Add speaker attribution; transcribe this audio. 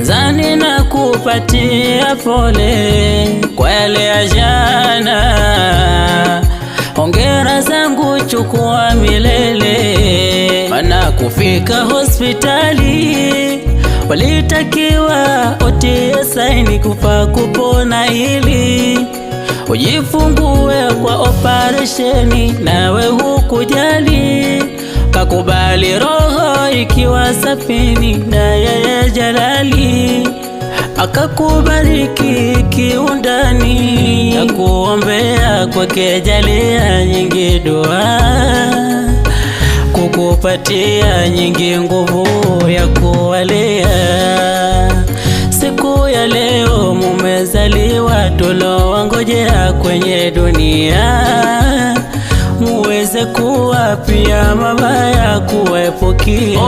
Speaker 1: Kwanza ninakupatia pole kwa yale ya jana, hongera zangu chukua milele, maana kufika hospitali walitakiwa utie saini kufa kupona hili ujifungue kwa oparesheni, nawe hukujali kakubali roho ikiwa safini naye halali akakubariki kiundani, nakuombea kwa kejalia nyingi dua, kukupatia nyingi nguvu ya kuwalea. Siku ya leo mumezaliwa, tulowangojea kwenye dunia muweze kuwa pia mabaya kuepukia